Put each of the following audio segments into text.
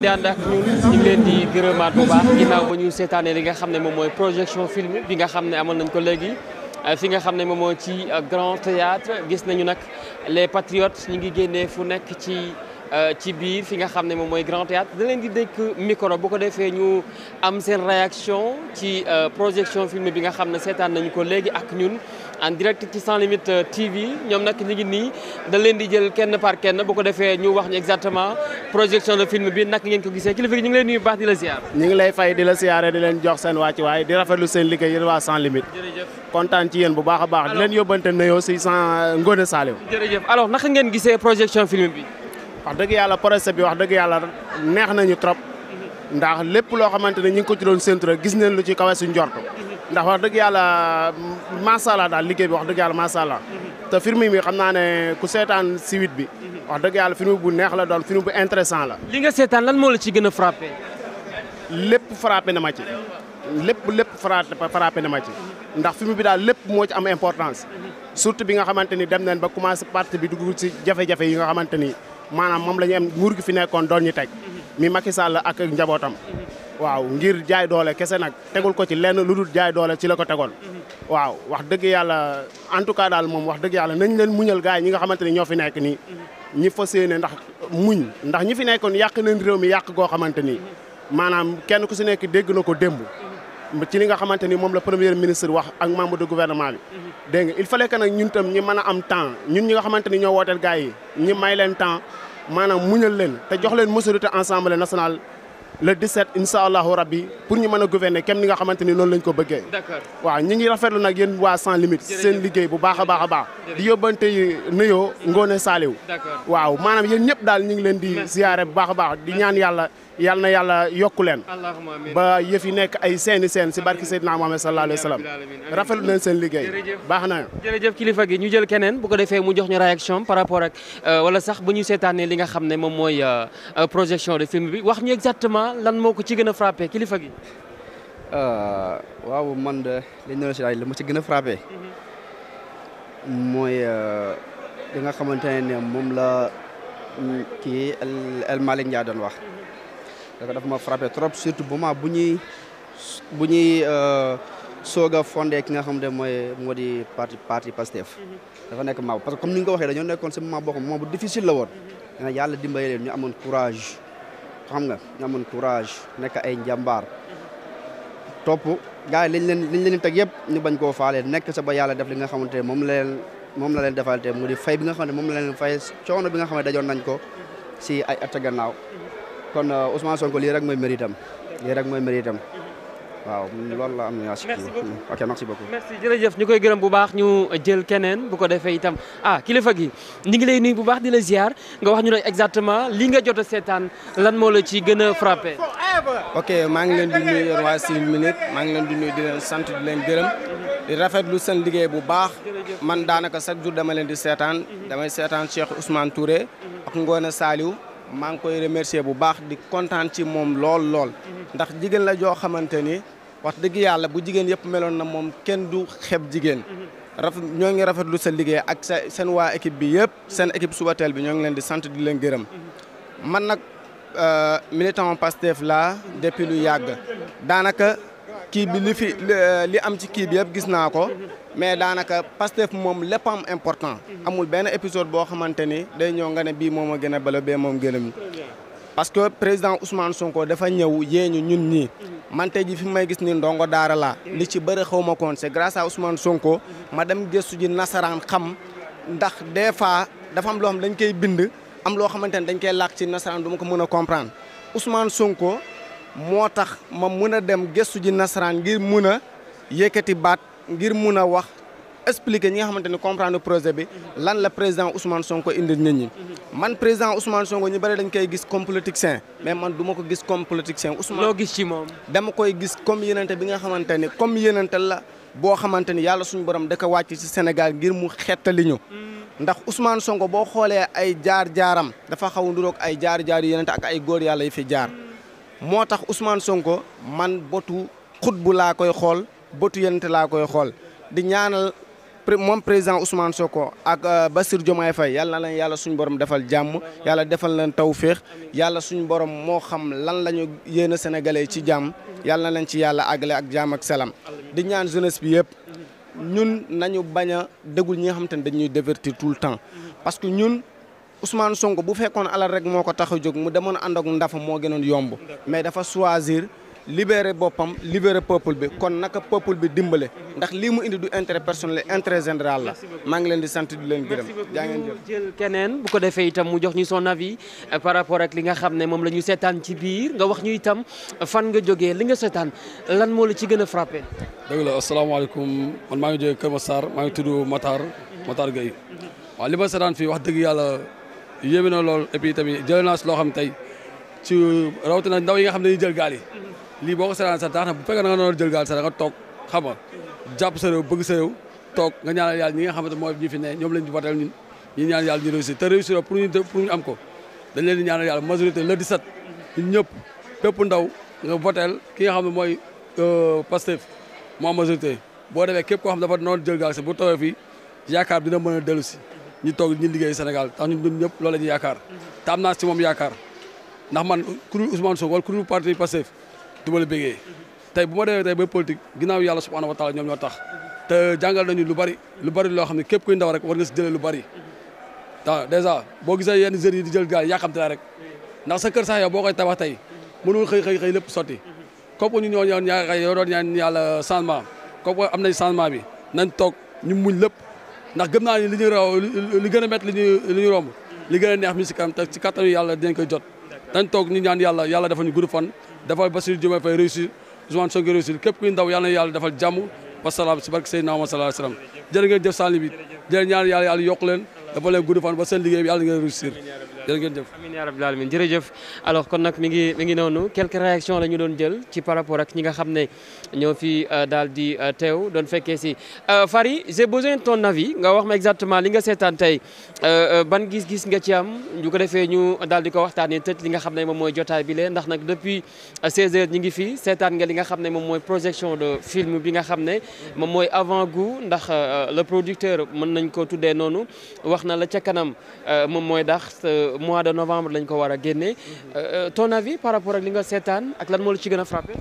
di ak ñun ñu leen di gërëmaat bu baax ginnaaw ba ñu seetaanee li nga xam ne moom mooy projection film bi nga xam ne amal nañ ko léegi euh, fi nga xam ne moom mooy ci euh, grand théâtre gis nañu nag les patriotes ñu ngi génnee fu nekk ci euh, ci biir fi nga xam ne moom mooy grand théâtre da leen di dénk micro bu ko defee ñu am seen réaction ci projection film bi nga xam ne seetaan nañu ko léegi ak ñun en direct ci sans limite euh, TV ñoom nag ñu nii dañ leen di jël kenn par kenn bu ko defee ñu wax ñu exactement projection de film bi nak ngeen ko gisee kilifa gi ñu ngi lay nuyu baax di la ziar. ñu lay fay di la ziare di leen jox seen wàccuwaay di rafetlu seen liggéey yéen waa sans limite. kontaan ci yéen bu baax a baax. di leen yóbbante nuyoo si sans Ngone Saliou. jërëjëf alors naka ngeen gisee projection film bi. wax dëgg yàlla projet bi wax dëgg yàlla neex nañu trop. Mhm. ndax lépp loo xamante ne ñu ngi ko ci doon séntu gis neen lu ci kawe suñ ndax wax dëgg yàlla macha allah daal liggéey bi wax dëgg yàlla macha allah mhm. te film bi xam naa ne ku seetaan si wit bi mhm. wax dëgg yàlla film bu neex la doon film bu intéressant la. li nga seetaan lan moo la ci gën a frappé. lépp frappé na ma ci lépp lépp frappé na ma ci ndax film bi daal lépp moo ci am importance mhm. surtout bi nga xamante ni dem nañ ba commencé parti bi dugg ci jafe-jafe yi nga xamante ni maanaam moom la ñu am nguur gi fi nekkoon doon ñu teg mi Macky Sall ak njabootam. waaw ngir jaay doole kese nag tegul ko ci lenn lu dul jaay doole ci la ko tegoon mm-hmm. waaw wax dëgg yàlla en tout cas daal moom wax dëgg yàlla nañ leen muñal gars yi ñi nga xamante ne ñoo fi nekk ni mm-hmm. ñi fas yéene ndax muñ ndax ñi fi nekkoon yàq nañ réew mi yàq goo xamante ni mm-hmm. maanaam kenn ku si nekk dégg na ko démb ci li nga xamante ni moom la premier ministre wax ak membre de gouvernement bi nga il fa que na ñuntam ñi mën am temps ñun ñi nga xamante ni ñoo wooteel gars yi may leen temps maanaam muñal leen jox leen majorité Assemblée nationale le 17 incha allahu rabbi pour ñu mën a gouverner kem ni nga xamante ni noonu lañ ko bëggee. d'accord waaw ñu ngi rafetlu nag yéen waa sans limite. seen liggéey bu baax a baax a baax. di yóbbante yi nuyoo Ngone waaw maanaam yen ñëpp daal ñu ngi leen di. ziyaare bu baax a baax di ñaan yàlla. yal na yàlla yokku leen ba yëf yi nekk ay seeni seen si barki Seydina Muhammad sallallahu alayhi wa sallam rafetlu nañ seen liggéey baax na jëf kilifa gi ñu jël keneen bu ko defee mu jox ñu réaction par rapport ak euh, wala sax bu ñu seetaanee li nga xam ne moom mooy euh, euh, projection de film bi wax ñu exactement lan moo ko ci gën a frappé kilifa gi waaw man de liñ doon si daal li ma ci gën a frappé mooy li nga xamante ne moom la mm, kii El Malick Ndiaye doon wax dafa dafa ma frappé trop surtout moment bu ñuy bu ñuy euh, soog a fondé ki nga xam ne mooy moo di parti parti Pastef. Mhm. dafa nekk maa parce que comme ni nga ko waxee dañoo nekkoon si moment boo xam moment bu difficile la woon. mais mhm. yàlla dimbali leen ñu amoon courage xam nga ñu amoon courage nekk ay njàmbaar. Mhm. topp gars yi liñ leen liñ leen teg yëpp ñu bañ koo faale nekk sa ba yàlla def li nga xamante ne moom la leen moom la leen defal te mu di fay bi nga xam ne moom la leen fay coono bi nga xam ne dajoon nañ ko si ay at a kon euh, Ousmane Sonko lii rek mooy mérite am lii rek mooy mérite am waaw loolu la am na hmm, ok merci beaucoup merci jërëjëf koy gërëm bu baax ñu jël keneen bu ko defee itam ah kilifa gi ñu ngi lay nuyu bu baax di la ziar nga wax ñu ne exactement lii nga jot seetaan lan moo la ci gën a frappé. ok maa ngi leen di nuyu yéen waa 6 minutes maa ngi leen di nuyu di leen sant di leen gërëm di rafetlu seen liggéey bu baax man daanaka chaque jour dama leen di seetaan damay seetaan Cheikh Ousmane Touré ak Ngone Saliou. maa ngi koy remercier bu baax di kontaan ci moom lool lool. ndax jigéen la joo xamante ni wax dëgg yàlla bu jigéen yëpp meloon na moom kenn du xeeb jigéen. rafet ñoo ngi rafetlu sa liggéey ak sa seen waa équipe bi yëpp seen équipe teel bi ñoo ngi leen di sant di leen gërëm. man nag euh, militant Pastef laa depuis lu yàgg daanaka. kii bi li fi li am ci kii bi yëpp gis naa ko mais daanaka Pastef moom lépp am important amul benn épisode boo xamante ni day ñëw nga ne bii moom a gën a bala bee moom gën parce que président Ousmane Sonko dafa ñëw yéeñu ñun ñii man tey ji fi may gis ni ndongo daara laa li ci bëri xaw ma koon c'est grâce à Ousmane Sonko ma dem gëstu ji nasaraan xam ndax des fois dafa am loo xam dañ koy bind am loo xamante ne dañ koy làkk ci nasaraan duma ko mën a comprendre Ousmane Sonko moo tax ma mën a dem gëstu ji nasaraan ngir mun a yëkkati baat ngir mun a wax expliquer ñi nga xamante ni comprendre projet bi lan la président Ousmane Sonko indi nit ñi. man président Ousmane Sonko ñu bëri dañu koy gis comme politicien mais man du ma ko gis comme politicien Ousmane loo gis ci moom. dama koy gis comme yenente bi nga xamante ni comme yenente la boo xamante ni yàlla suñu borom da wàcc ci Sénégal ngir mu xettali ñu. Mm. ndax Ousmane Sonko boo xoolee ay jaar jaaram dafa xaw a nduroog ay jaar jaar yenente ak ay góor yàlla yi fi jaar. moo tax Ousmane Sonko man botu xutbu laa koy xool botu yente laa koy xool di ñaanal moom président Ousmane ko ak euh, ba sir Diomaye Faye yàlla na leen yàlla suñu borom defal jàmm yàlla defal leen tawféex yàlla suñu borom moo xam lan la ñu yéen a sénégalais ci jàmm yàlla na leen ci yàlla àggale ak jàmm ak salaam di ñaan jeunesse bi yëpp ñun nañu bañ a déglu ñi nga xam te ne dañuy divertir tout le temps parce que ñun Ousmane Sonko bu fekkoon alal rek moo ko tax a jóg mu demoon ànd ak ndafa moo gënoon yomb mais dafa choisir libérer boppam libérer peuple bi kon naka peuple bi dimbale ndax lii mu indi du intérêt personnel intérêt général la maa ngi leen di sant di leen gërëm jaa ngeen jël keneen bu ko defee itam mu jox ñu son avis euh, par rapport ak li nga xam ne moom la ñu seetaan ci biir nga wax ñu itam fan nga jógee li nga seetaan lan moo la ci gën a frappé dëgg la asalaamaaleykum man maa ngi jógee Kër maa ngi tudd Matar Matar Gueye yéeme na lool et puis tamit jël naa si loo xam tey ci rawatina ndaw yi nga xam ne dañuy jël gaal lii boo ko seetaan sax tax na bu fekkee da nga doon jël gaal sax da nga toog xam nga jàpp sa réew bëgg sa toog nga ñaanal yàlla ñi nga xamante mooy fi ne ñoom lañ ci ñaan yàlla ñu réussir te réussir pour ñu pour ñu ko dañ leen di ñaanal yàlla majorité le 17 ñëpp bépp ndaw nga votel ki nga xam ne mooy euh, Pastef moo majorité boo defee képp koo xam dafa noonu jël gaal sax bu tawee fii yaakaar dina mën a dellu si ñu toog ñu liggéey Sénégal tax ñun ñun ñëpp loolu la ñuy yaakaar am naa si moom ndax man ku dul Ousmane Sonko wala parti Pastef du ma la bëggee tey bu ma demee tey ba politique ginnaaw yàlla subhanahu wa taala ñoom ñoo tax te jàngal nañu lu bari lu bari loo xam ne képp kuy ndaw rek war nga si jëlee lu bari waaw dèjà boo gisee yenn jeunes yi di jël gaal yàqamte la rek ndax sa kër sax yow boo koy tabax tey mënul xëy xëy xëy lépp sotti kooku ñu ñoo ñu muñ ndax gëm naa ni li ñu raw li gën a métti li ñu li ñu romb li gën a neex mi si kanam te si kattanu yàlla dinañ koy jot dañ toog ñu ñaan yàlla yàlla dafa ñu gudd fan dafa Bassirou Diomaye Faye réussir Ousmane Sonko réussir képp kuy ndaw yàlla na yàlla defal jàmm si barke Seydina Muhammad sallallahu alayhi wasallam jërë ngeen jëf Saly bi jërë ñaan yàlla yàlla yokk dafa leen gudd fan ba seen liggéey bi yàlla ngeen réussir jërë jërëjëf alors kon nag mi ngi mi ngi noonu quelques réactions la doon jël ci par rapport ak ñi nga xam ne ñoo fi euh, daal di euh, teew doon fekkee si euh, Fary j'ai besoin de ton avis nga wax ma exactement li nga seetaan tey ban gis-gis nga ci am ñu ko defee ñu daal di ko waxtaanee tëj li nga xam ne moom mooy jotaay bi lee ndax nag depuis 16 heures ñi ngi fi seetaan nga li nga xam ne moom mooy projection de film bi nga xam ne moom mooy avant goût ndax la producteur mën nañ ko tuddee noonu wax na la ca kanam moom mooy dax mois de novembre lañ ko war a génne euh, euh, ton avis par rapport ak li nga seetaan ak lan moo la ci gën a frappé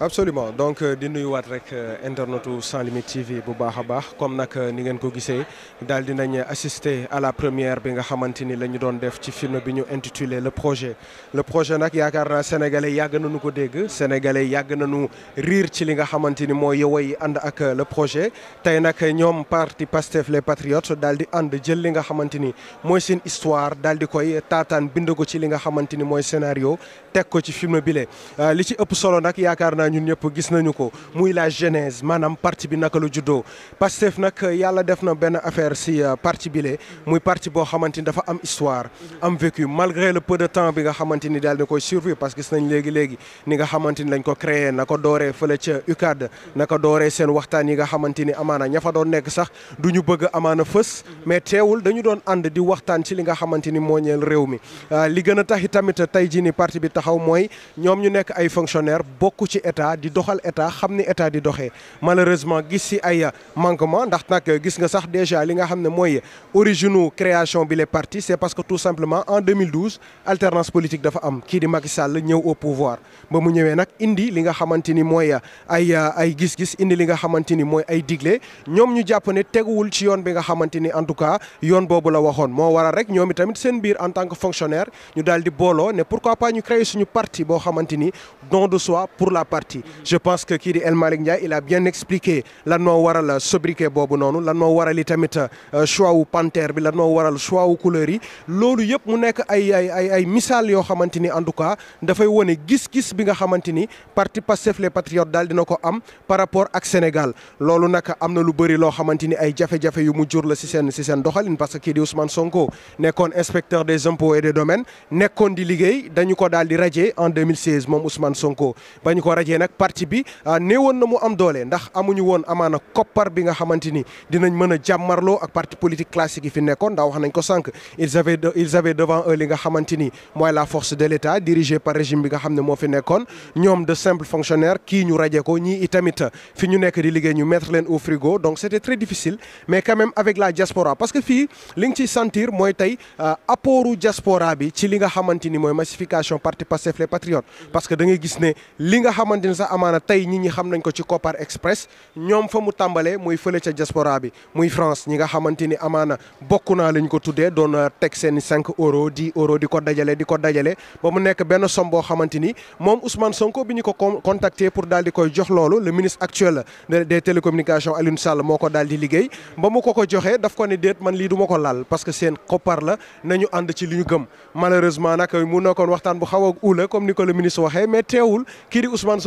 absolument donc euh, di nuyuwaat rek euh, internetu sans limite TV bu baax a baax comme nag euh, ni ngeen ko gisee daal di nañ assister à la première bi nga xamante ni la doon def ci film bi ñu intitulé le projet. le projet nag yaakaar naa sénégalais yàgg nañu ko dégg sénégalais yàgg nañu riir ci li nga xamante ni mooy yow yi ànd ak le projet tey nag ñoom parti Pastef les patriotes daal di ànd jël li nga xamante ni mooy seen histoire daal di koy taataan bind ko ci li nga xamante ni mooy scénario teg ko ci film bi le ñun ñëpp gis nañu ko muy la genèse maanaam parti bi naka la juddoo Pastef nag yàlla def na benn affaire si euh, parti bile muy parti boo xamante ni dafa am histoire am vécu malgré le peu de temps bi nga xamante ni daal di koy survivre parce que gis nañ léegi léegi ni nga xamante ni ko créé na dooree fële ca UCAD na ko dooree seen waxtaan yi nga xamante ni amaana ña fa doon nekk sax du ñu bëgg amaana fës mais teewul dañu doon ànd di waxtaan ci li nga xamante ni moo ñeel réew mi euh, li gën a tax tamit tey jii ni parti bi taxaw mooy ñoom ñu nekk ay fonctionnaire bokk état di doxal état xam ni état di doxee malheureusement gis si ay manquement ndax nag gis nga sax déjà li nga xam ne mooy origine création bi les partis c'est parce que tout simplement en 2012 alternance politique dafa am kii di Macky Sall ñëw au pouvoir ba mu ñëwee nag indi li nga xamante ni mooy ay gis-gis indi li nga xamante ni mooy ay digle ñoom ñu jàpp ne teguwul ci yoon bi nga xamante ni en tout cas yoon boobu la waxoon moo waral rek ñoom itamit seen biir en tant que fonctionnaire ñu daal boo xamante ni don metti je pense que kii di El Malick Ndiaye il a bien expliqué lan noo waral sobriquet boobu noonu lan noo waral i tamit euh, choix wu panthère bi lan noo waral choix wu couleur yi loolu yëpp mu nekk ay ay ay ay misaal yoo xamante ni en tout cas dafay wone gis-gis bi nga xamante ni parti Pastef les patriotes daal na ko am par rapport ak Sénégal loolu nag am na lu bëri loo xamante ni ay jafe-jafe yu mu jur la si seen si seen doxalin parce que kii di Ousmane Sonko nekkoon inspecteur des impôts et des domaines nekkoon di liggéey dañu ko daal di radier en 2016 moom Ousmane Sonko bañu ko nag parti bi ah, néewoon na mu am doole ndax amuñu woon amaana koppar bi nga xamante dinañ mën a jàmmarloo ak parti politique classique yi fi nekkoon ndax wax nañ ko sànq ils avaient ils avaient devant eux li nga xamante ni mooy la force de l'État dirigée par régime bi nga xam ne moo fi nekkoon ñoom de simples fonctionnaires kii ñu raje ko ñii itamit fi ñu nekk di liggéey ñu mettre leen au frigo donc c'était très difficile mais quand même avec la diaspora parce que fii li nga ciy ah, bi ci li nga xamante ni mooy massification parti Pastef les patriotes xamante ni tey nit ñi xam nañ ko ci Kopar Express ñoom fa mu tàmbalee muy fële ca diaspora bi muy France ñi nga xamante ni amaana bokk naa lañ ko tuddee doon euh, teg seen cinq euros dix euros di ko dajale di ko dajale ba mu nekk benn somme boo xamante ni moom Ousmane Sonko bi ñu ko contacté pour daal di koy jox loolu le ministre actuel des télécommunications Aliou Sall moo ko daal di liggéey ba mu ko ko joxee daf ko ne déet man lii du ma ko laal parce que seen koppar la nañu ànd ci li ñu gëm malheureusement nag xaw a uula comme ni ko le ministre waxee mais teewul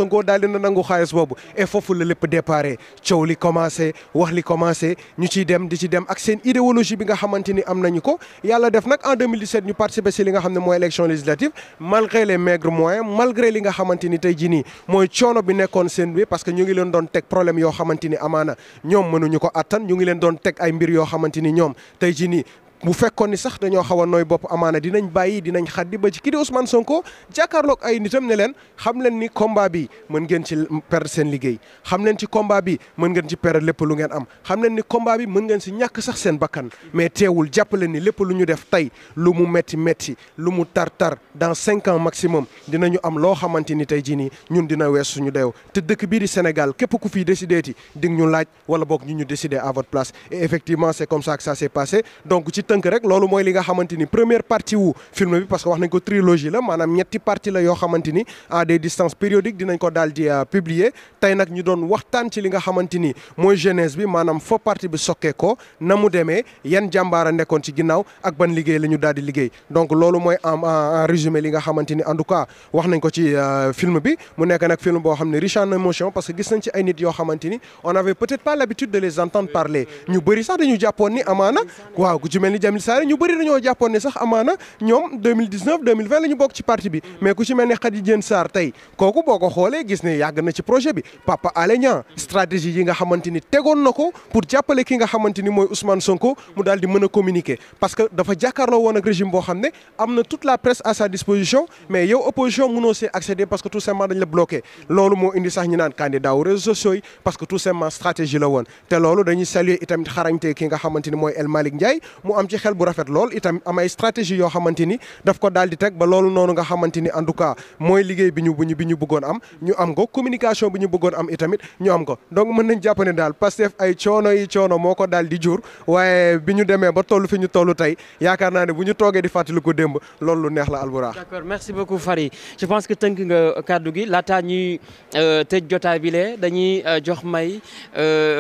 Sonko daal dina nangu xaalis boobu et foofu la lépp déparé coow li commencé wax li commencé ñu ciy dem di ci dem ak seen idéologie bi nga xamante ni am nañu ko yàlla def nag en 2017 ñu participé si li nga xam ne mooy élection législative malgré les maigres moyens malgré li nga xamante ni tey jii nii mooy coono bi nekkoon seen bi parce que ñu ngi leen doon teg problème yoo xamante ni amaana ñoom mënuñu ko attan ñu ngi leen doon teg ay mbir yoo xamante ni ñoom tey jii nii bu fekkoon ni sax dañoo xaw a nooy bopp amaana dinañ bàyyi dinañ xaddi ba ci kii di Ousmane Sonko jàkkaarloog ay nitam ne leen xam leen ni combat bi mën ngeen ci perdre seen liggéey xam leen ci combat bi mën ngeen ci perdre lépp lu ngeen am xam leen ni combat bi mën si ñàkk sax seen bakkan mais teewul jàpp ni lépp lu ñu def tey lu mu metti metti lu mu tar tar dans cinq ans maximum dinañu am loo xamante ni tey jii nii ñun dina wees suñu deew te dëkk bii di Sénégal képp ku fii décidé ti dig ñu laaj wala boog ñu ñu décider à votre place et effectivement c'est comme ça que tënk rek loolu mooy li nga xamante ni première partie wu film bi parce que wax nañ ko trilogie la maanaam ñetti partie la yoo xamante ni des distances périodiques dinañ ko daal di euh, publier tey nag ñu doon waxtaan ci li nga xamante ni mooy bi maanaam fa partie bi sokkee ko na mu yan jàmbaara nekkoon ci ginnaaw ak ban liggéey la ñu daal di liggéey donc loolu mooy en résumé li nga xamante ni en tout cas wax nañ ko ci euh, film bi mu nekk nag film boo xam ne riche émotion parce que gis Jamil Saare ñu bëri dañoo jàppoon ne sax amaana ñoom 2019 2020 la ñu bokk ci parti bi mais ku ci mel ne Khady Diène tey kooku boo ko xoolee gis ne yàgg ci projet bi Papa Alé Niang stratégie yi nga xamante ni tegoon na ko pour jàppale ki nga xamante ni mooy Ousmane Sonko mu daal di mën a communiquer parce que dafa jàkkaarloo woon ak régime boo xam ne am na toute la presse à sa disposition mais yow opposition mënoo see accéder parce que tout mooy El am ci xel bu rafet lool itam am ay stratégie yoo xamante ni daf ko daal di teg ba loolu noonu nga xamante ni en tout cas mooy liggéey bi ñu bi ñu bëggoon am ñu am ko communication bi ñu bëggoon am itamit ñu am ko donc mën nañ jàpp ne daal Pastef ay coono yi coono moo ko daal di jur waaye bi ñu demee ba toll fi ñu toll tey yaakaar naa ne bu ñu toogee di fàttali ko démb loolu lu neex la Albourakh. d'accord merci beaucoup Fary je pense que tënk nga kàddu gi laata ñuy euh, tëj jotaay bi lee dañuy euh, jox may. Euh,